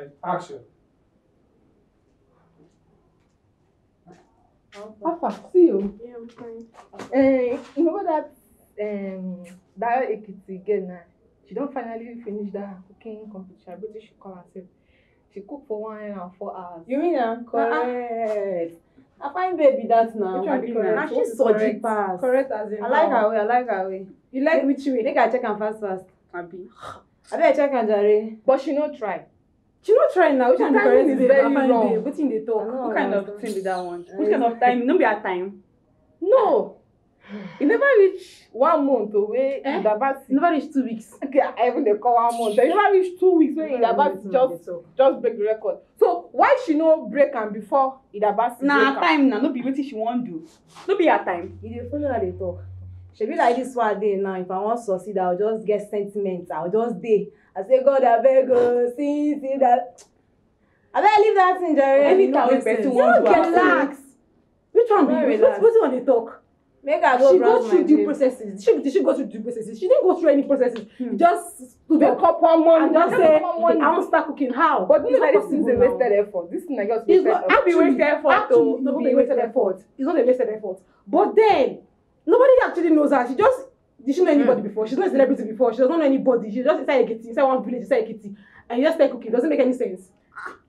right, action. Alpha, see you. Yeah, I'm fine. Uh, you know that um, that Ekiti girl now, she don't finally finish that cooking competition. I bet she call herself. She cook for one year and four hours. You mean I'm uh-huh. correct? I find baby that now. Which one be correct? Now she's correct. Pass. Correct as in. I like her way. I like her way. You like which way? Make I check and fast fast. Abi. I better check and jare. But she no try she no try now which kind of parent is very wrong day wetin dey talk what kind of thing be that one which kind of time no be her time. no e never reach one month o oh, wey idabasi eh? never reach two weeks okay i even dey call one month e never reach two weeks wey idabasi just just break the record so why she no break am before idabasi break am na her time na no be wetin she wan do no be her time. you dey follow her dey talk shebi like this one dey now if i wan succeed i go just get sentiment i go just dey I say, God, I beg you, oh, see, see that. I better leave that in Jerry. Any time we person wants to relax. Which one? What's what's on the talk? Make her go she go through due processes. She did she go through due processes. She didn't go through any processes. Hmm. Just to the cup one money and just say I won't start cooking. How? But you know that this is a wasted effort. This is like just wasted effort. Actually, wasted effort. Actually, Not a wasted effort. It's not a wasted effort. But then nobody actually knows her. She just did she know anybody before? She's not a celebrity before. She doesn't know anybody. She just inside Ekiti, inside one village, inside kitty. and you just start cooking. it doesn't make any sense.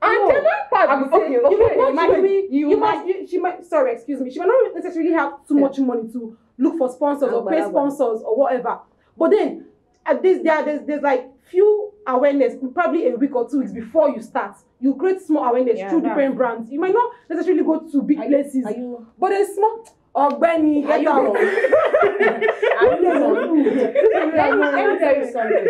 And no. that part, I'm okay, okay, you, okay, you, might, you, be, you, you might, you, she might. Sorry, excuse me. She might not necessarily have too much money to look for sponsors or pay sponsors or whatever. But then, at this, there, there's, there's like few awareness, probably a week or two weeks before you start. You create small awareness yeah, through different brands. You might not necessarily go to big are places, you, you, but there's small ọ̀gbẹ́ni don't know. let me tell you something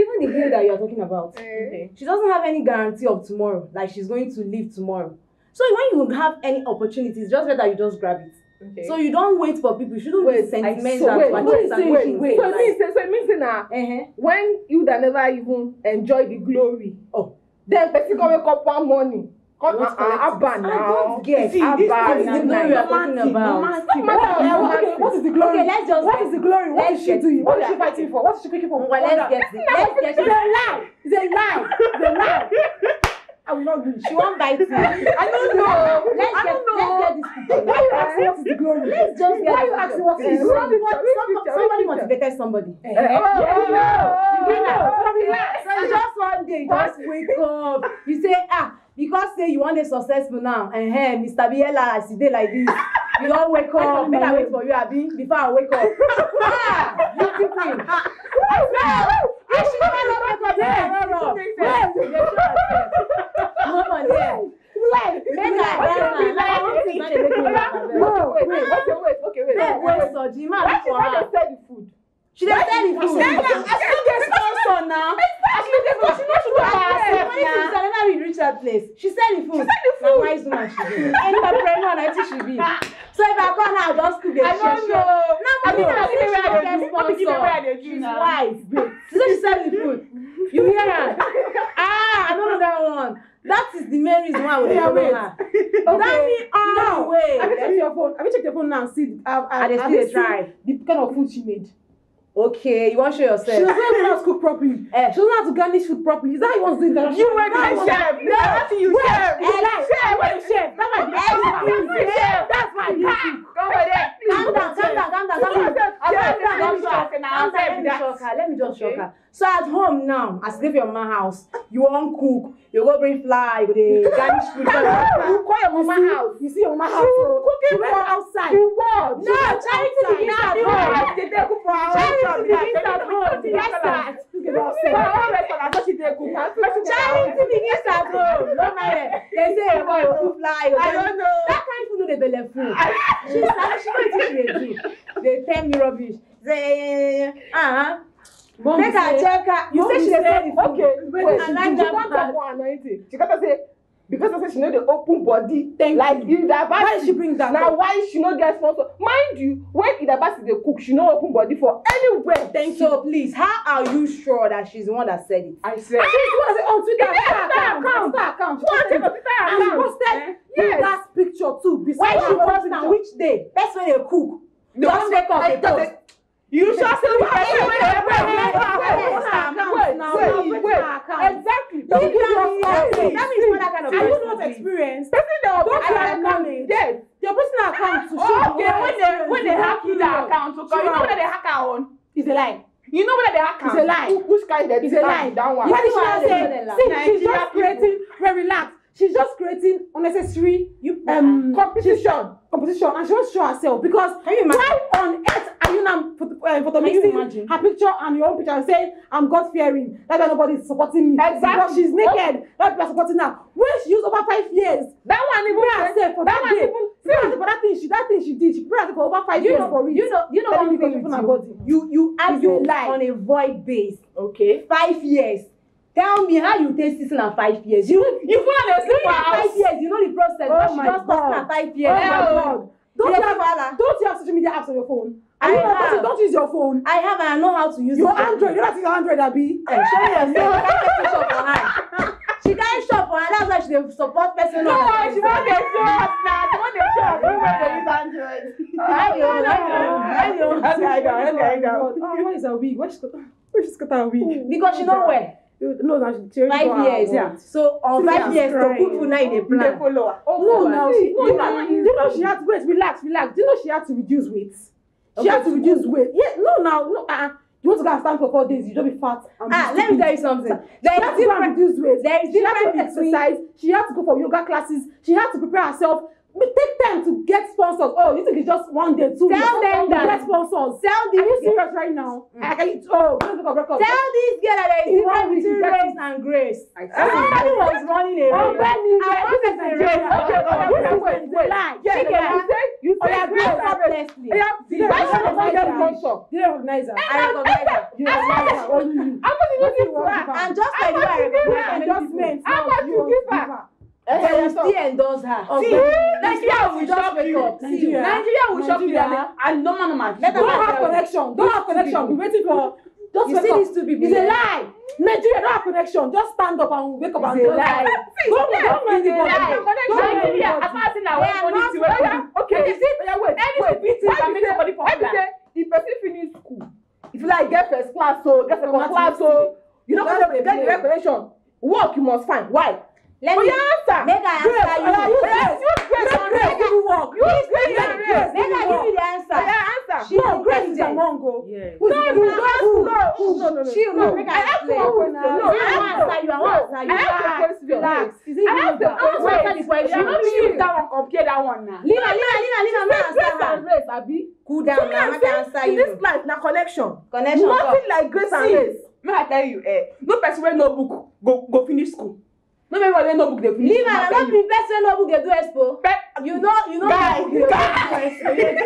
even the girl that you are talking about eh. okay. she doesn't have any guarantee of tomorrow like she's going to live tomorrow so when you have any opportunities just better you just grab it Okay. So you don't wait for people. You shouldn't wait, be sentimental. So wait, wait, wait, wait, wait. So it means, so it means now, uh-huh. when you that never even enjoy the glory, oh, then person come wake up one morning God ah what is the glory? what is she doing? What is she fighting for? What is she picking for? Well, let's get it. Let's get it. It's lie. It's lie. lie. I will not do it. She won't bite me. I don't know. Let's get, this. Why you asking what the glory? Let's just Why you asking what is the glory? Somebody motivated somebody. Eh, eh, oh, just oh, day. Just wake up. You say ah because say you wan dey successful now uh -huh, mr biela as you dey like this you don wake up make i wait for you abi before i wake up ah beauty queen i swear should not don wake up there no no wait dey show herself no no there make i help am no wait wait okay wait okay soji ma look for her she sell the food she dey sell the food. if Salena will reach that place, she sell the food. She sell the food. Like nice woman she be. Entrepreneur, I think she be. So if I come now, just cook the I don't know. No, mommy, I her where I get sponsor. She's wise. She she sell the food. You hear her? Ah, I don't know that one. That is the main reason why I would yeah, wait. her. okay. That mean no. way. Have you checked your phone? Have you checked your phone now and see? Uh, uh, have, have, I just see the try. The kind of food she made. okay you wan show yourself. she doesn't know how to cook properly. Eh. she doesn't know how to garnish food properly is that how you wan do it. you were not chef na wetin you chef. Eh, chef chef that's my chef that's my chef. answer let me shock her let me just okay. shock her so at home now as you dey for your mama house you won't cook you go bring fly. you go garnish food for your you call your mama house you see your mama house You o cooking for outside you work no charity begin at home dey dey cook for our restaurant charity begin at home yes sir for our restaurant so she dey cook charity begin at home no mind dem say your oh, boy go cook flour you go don that kind food no dey belle full she sabi she no dey teach me again dey tell me rubbish Uh huh. Mom Make her check her. You say she dey sell the food. Okay, wait, she don talk for anointing. She got to say because I say she know the open body. Thank like you. Idabasi. Why she brings that Now why she not get sponsor. Mind you, when Idabasi dey cook, she no open body for anywhere. Thank so, you. So please, how are you sure that she's the one that said it? I said. Ah, she's the one that on Twitter. Yeah, Twitter account. Twitter account. She posted eh? yes. that picture too. Why she posted? na which day? Best when they cook. The one wake up, they post. You sure say we can say wait, wait, wait, wait, wait, exactly. Don't give your account. That means what I can do. I not experience. Person that will be account dead. Your personal account to show. Okay, when they when they hack you that account, you know whether they hack our own is a lie. You know whether they hack am. It's a lie. Who, which guy of it's a lie. That one. You see what I'm saying? See, she's just creating. Very relaxed. She's just creating unnecessary um, competition. Competition, and she wants to show herself because why uh, photomixing her picture and your own picture and saying i'm god fearing that's why nobody is supporting me exactly because she's naked oh. that people are supporting her wey she use over five years that one even pray herself for that, that day even, pray for that thing she that thing she did she prayed for over five you years know, for it you know you know one thing you do you you argue lie on a void base okay five years tell me how you take six and five years you you follow dey sleep for house five years you know the process oh but she just talk na five years oh my god don't you have don't you have social media apps on your phone I you have. Don't, use your phone. I have. and I know how to use your Android. You don't your Android, Abby. Hey, show yourself. She can't shop for her. She can't shop for her. That's why she dey support person. No, she want dey show us now. She want dey show us. We want to use Android. Hello, hello, hello. Hello, hello, hello. Why is her wig? Why she cut? Why she cut her wig? Oh, because she no wear. no na she change five years yeah. so on oh, See, five years to cook food na you dey plan you dey follow her oh no now she no na you know she had to wait relax relax do you know she had to reduce weight she has to reduce weight. Yeah, no, now, no, uh-uh. You want to go and stand for four days, you don't be fat. Ah, let me tell you something. There she has to go and reduce weight. There is she has to exercise. She has to go for yoga classes. She has to prepare herself. take time to get sponsors. Oh, you think it's just one day, two days? Tell them that. Get sponsors. Tell these. Are you serious right now? Mm. I can, oh, go go record. Tell these girls that there is one with grace and grace. Ah, everybody was running away. Oh, Benny, I want to say grace. Okay, okay, wait, wait. Chicken, you say grace selflessly. Why should I find them sponsor? They recognize her. I recognize her. You recognize her. How much did you give her? And just like you are, endorsement. How much you give her? Eh, they will still endorse her. Okay. Nigeria will just wake up. See, Nigeria will shock you. And normal, normal. Don't have connection. Don't have connection. Be waiting for. Just you see up. these two people. It's a lie. Nigeria don't have connection. Just stand up and wake up it's and do lie. Don't don't mind the body. Nigeria, I'm passing our money to everybody. Okay, is it? Wait, wait. Beating can make somebody popular. If person finish school, if you like get first class so get second class so you don't get the recognition. Work you must find. Why? Let oh, me. Yes. Who's no, no, no, no, no, no, no. Chill, no. Make I have to open No, I ask you answer you. I ask to answer you. I have to relax. Is it I have to answer this question. Let me use that one, compare that one now. Lina, Lina, Lina, Lina, no answer her. Grace and grace, Abi. Cool down, now. Make I answer you. This life na connection. Connection. Nothing like grace and grace. Make I tell you, eh? No person wey no book go go finish school. no be everybody wey no book dey finish. leave am na no be person wey no book dey do expo. you know you know guy guy.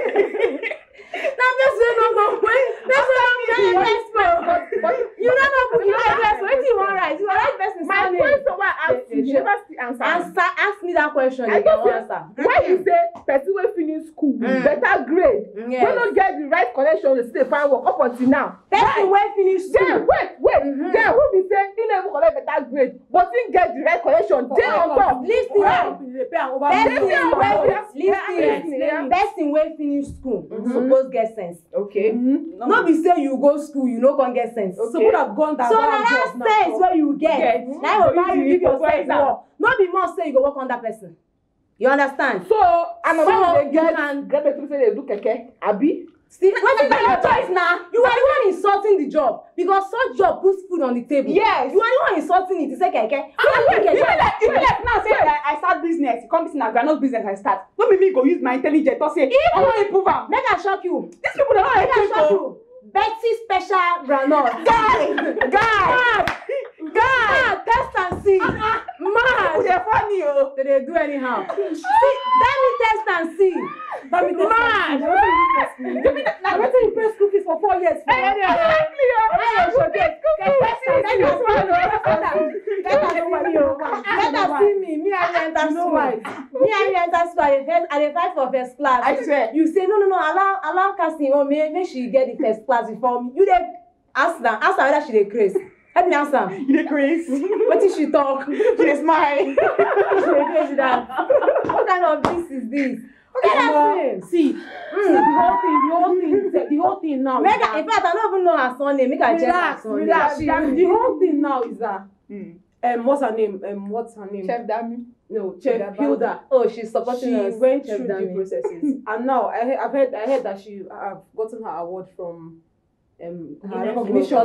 i go say why you say person wey finish school mm. better grade yes. wey no get the right connection to still dey find work up until now. person wey finish school then wait wait mm -hmm. then who be say he no even collect better grade but he get the right connection oh dey on top. lis ten well person wey lis ten person wey finish school mm-hmm. suppose get sense. okay mm-hmm. no be say you go school you no come get sense. okay so put up gun down so na that sense wey you get mm-hmm. na im go you give your sense work no be more say you go work under person you understand. so I'm so mama dey get can... graduate people say they do keke abi. still wetin be your choice now, you are the one insulting the job because such job puts food on the table. yes you are the one insulting it to say keke. ah you mean like you mean like now say i i start business come be say na business i start no be me go use my intelligence to say i wan improve am. make shock you. these people dey not help people. Betty special granola, guys, guys, guys, ah, test and see. Ah, ah. mad who dey funny o they dey do anyhow see let me test and see Let but we dey mad na wetin you pay school fees for four years for exactly o why you go dey test am see o let am see me let am see me me and dey enter school me and dey enter school i dey fight for first class i swear you say no no no allow allow cassie omi make she get the first class before me you dey ask them. ask am whether she dey crazy. Help me answer. You dey What Wetin she talk? She dey smile. she dey craze that. What kind of this is this? Okay, um, see, mm. see the whole thing, the whole thing, the whole thing now. Mega in fact, I don't even know her surname. Make I check her Relax, relax. The whole thing now is that. Mm. Um, what's her name? Um, what's her name? Chef Dami. No, Chef Hilda. Hilda. Oh, she's supporting she us. She went Chef through Dami. the processes, and now I, I've heard, I heard that she have gotten her award from um, her recognition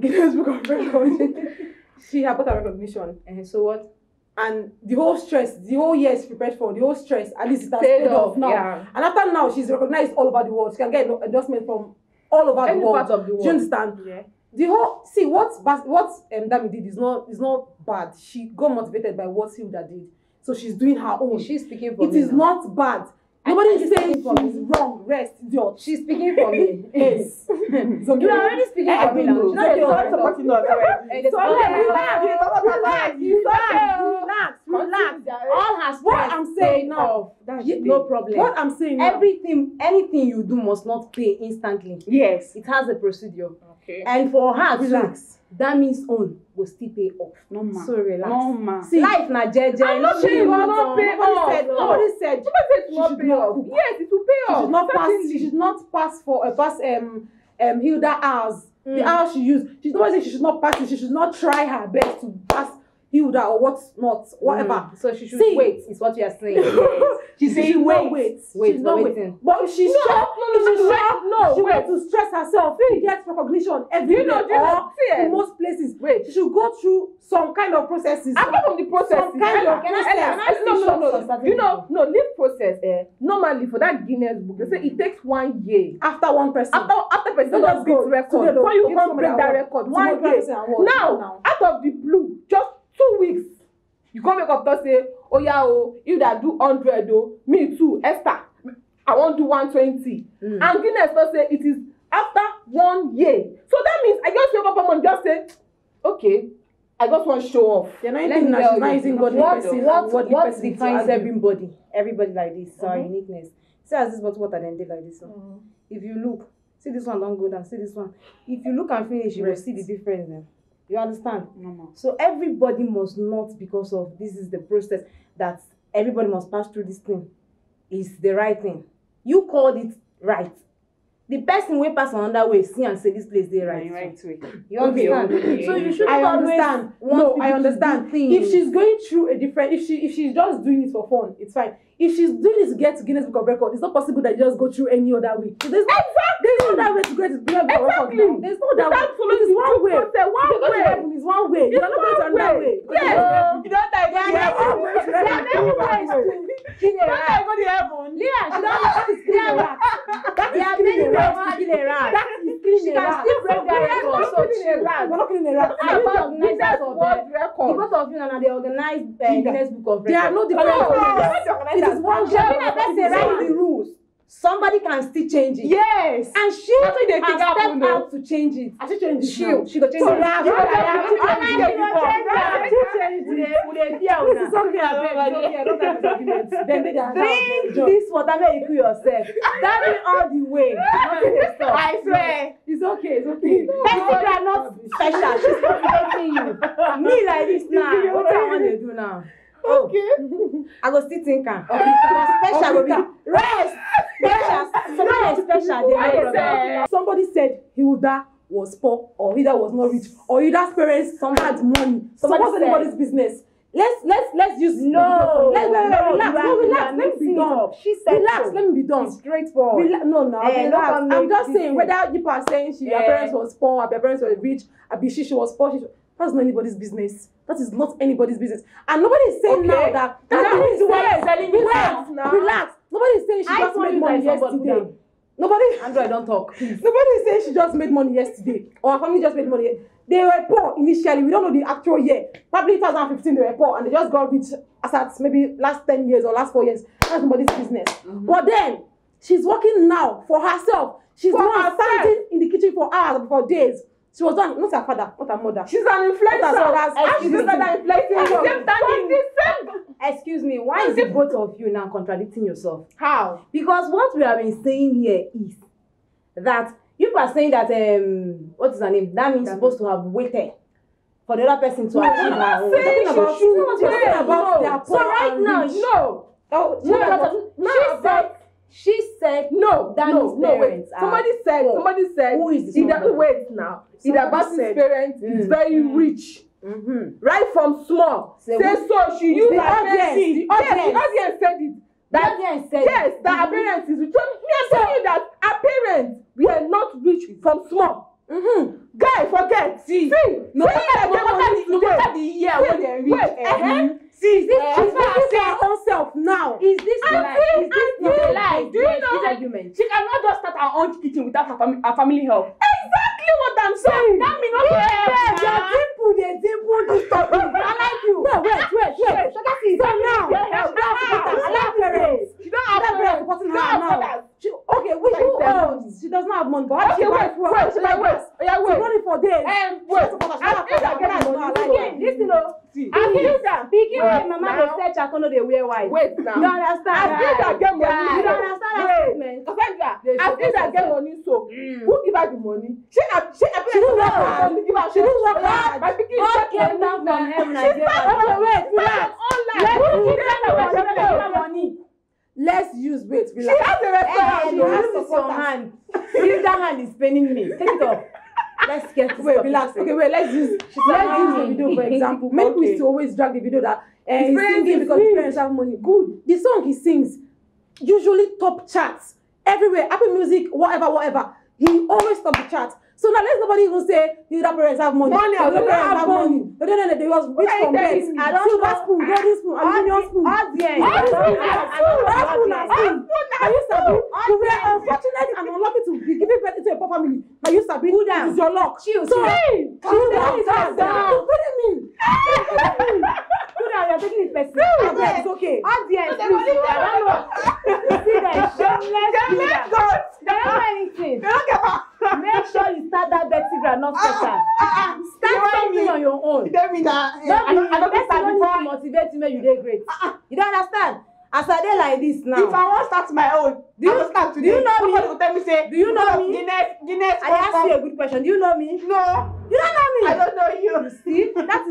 Guinness Book of Records. she had got her recognition. Uh, so what? And the whole stress, the whole year is prepared for, the whole stress, at least it paid off now. Yeah. And after now, she's recognized all over the world. She can get endorsement from all over the world. Part of the world. Do you understand? Yeah. The whole see what what um, Dami did is not is not bad. She got motivated by what Hilda did. So she's doing her own. She's speaking for It is now. not bad. Nobody is saying from is wrong. Rest, idiot. She's speaking for me. yes. so you are already speaking for me now. She's not supporting us. So relax, relax, relax, relax. All has what I'm saying now. No problem. What I'm saying now. Everything, anything you do must not pay instantly. Yes. It has a procedure. Okay. And for her relax. that means own go still pay off. Normal. So relax. No Normal. See, life na jeje. I'm not saying you will not pay nobody off. Said, no. Nobody said. Nobody said it will pay off. Yes, it will pay she off. She should not pass. She should not pass for a uh, pass um um Hilda hours. Mm. The hours she used. She's not saying she should not pass She should not try her best to pass builder or what not, whatever. Mm. So she should See, wait, is what you are saying. She's saying she wait, wait, wait, she's not waiting. waiting. But if she's no, sharp, no, no, no, she's no, sharp, no, she wants to stress herself to get recognition everywhere you know, or yes. in most places. Wait. She should go through some kind of processes. Apart from the processes. Some kind I, of process. no, no, no, no. You know, no, this process. Eh, normally for that Guinness book, they say it takes one year. After one person. After after person does beat record. Before you come break that record, one year. Now, out of the blue, just two weeks you come wake up talk say "Oh oya o if that do hundred o oh, me too esther i wan do one twenty mm. and guinness talk say it is after one year so that means i just wake up one morning just say okay I just want to show off. Let me even you what, what, what, what defines everybody. Everybody like this, so mm-hmm. uniqueness. See as this bottle water then did like this one. Mm-hmm. If you look, see this one don't go down, see this one. If you look and finish, you Rest. will see the difference then. You understand? So everybody must not, because of this is the process that everybody must pass through this thing, is the right thing. You called it right. the person wey pass another way see am say this place dey right. right you understand okay. so you should I understand. always want no, I understand. things. if she's going through a different if she if she's just doing it for fun it's fine if she's doing it to get Guinness Book of Record it's not possible that you just go through any other way. there's no exactly. no other way to get Guinness Book of Record exactly. now there's no other way it is one way it is one way it is one way you are not going to another way. yes you don't die. there are many ways to Not everybody have money. Leah, she don't have to steal a rat. That is stealing a rat. Steal a rat. That is stealing a rat. She can still break that record. So chill. We're not killing a rat. Are you the organizers of the uh, record? The both of you now they organize uh, the Guinness Book of Records. They are not the organizers. It is one job. It is one the room. somebody can still change it. Yes. And she after they has stepped up, out to change it. Has she changed it? She she go change it. Yeah, you go change it. You change it. We dey fear una. This is something I beg. No fear, no kind of argument. Dem dey dance. Drink this water make you cool yourself. That mean all the way. Nothing dey stop. I swear. It's okay. It's okay. Person you are not special. She's not making you. Me like this now. What I wan dey do now? okay. Oh. I go still think Special go rest. Special somebody special Somebody said Hilda was poor or Hilda was not rich or Hilda's parents some had money. Somebody so what's anybody's business? Let's let's let's use no. Let's no, no, relax. No, relax. Let me be done. She said relax. So. Let me be done. It's straightforward. no, no. Eh, relax. I'm just saying whether you are saying she, eh. her parents was poor, her parents were rich, I be she, she was poor. She, That's not anybody's business. That is not anybody's business. And nobody is saying okay. now that. that is where is selling yourself now. Relax. Nobody is saying she I just made money yesterday. Nobody. Andrew, I don't talk. Please. Nobody is saying she just made money yesterday, or her family just made money. They were poor initially. We don't know the actual year. Probably 2015 they were poor, and they just got rich as at maybe last 10 years or last four years. That's nobody's business. Mm-hmm. But then she's working now for herself. She's for not herself. standing in the kitchen for hours, for days, She was done, not her father, not her mother. She's an influencer. Not her Excuse me. Influencer. Excuse me, why is it both of you now contradicting yourself? How? Because what we have been saying here is that you are saying that, um, what is her name? That means supposed to have waited for the other person to no, achieve her own. Talking about, talking about no. their So right now, no. Oh, no, no, no, no, she said She said no. That no, no, wait. Are, somebody said. Well, somebody said. Who is this? Ida, wait now. Ida Basi's parents mm, is very mm, rich. Mm-hmm. Right from small. Say, say so. She used the audience. audience. The audience said it. That, yes, yes, yes that mm-hmm. appearance is rich. So me, I'm so, telling you that appearance we are not rich from small. Mm-hmm. Guy, forget. See, see no matter the year, when they reach. Wait, uh-huh. Mm-hmm this? This uh, she's making her own self now. Is this auntie, lie? Is this not a lie? Do you know? This argument. She cannot just start her own kitchen without her, fam her family help. Exactly what I'm saying. That means not help. Yes, your dimple, the dimple, this stuff. I like you. No, wait, wait, wait. Shaka see. So now, you don't have parents. You don't have parents supporting her now. She, She does not have money. But she wait, wait, wait, oh, wait, wait. Yeah, wait. She's running for days. Um, wait. Akilda, get out of my life. Listen, oh. that. Begin my Mama dey search Akono dey wear white. Wait now. You understand? Akilda get money. You understand that statement? Cassandra, Akilda get money so mm. who give her the money? She na she na she no know. She no know. My pikin get money. God came down from heaven and gave her. Wait, wait, relax. Let's give her the money let's use wait relax she has the red card and she has support hand if that hand is paining me take it off let's get to wait relax okay wait let's use She's let's use the video for example make okay. we still always drag the video that uh, he's singing because his parents have money good the song he sings usually top charts everywhere apple music whatever whatever he always top the charts So now let nobody even say that parents have money. Money, your parents have, have money. money. They don't know they was rich from birth. Silver spoon, golden spoon, aluminium spoon. All the spoon, all spoon, all spoon. I used to be. You were unfortunate and unlucky to be giving birth to a poor family. I used to be. Cool down. This is your luck. Chill. So, hey, calm down, calm down. What do you mean? Cool down. You're taking it personal. It's okay. All the spoon. See that shameless. Shameless God. They don't know anything. They don't care about make sure you start that Betty groundnut ah, special. Ah, ah, start something on your own. You tell me that. Eh, don't be I don't who need motivate you make you dey great. You don't understand? As I dey like this now. If I wan start my own, do you, I go start today. Do you know me? Somebody go tell me say. Do you know me? Guinness Guinness. I ask you a good question. Do you know me? No. You don't know me. I don't know you. You see? that's.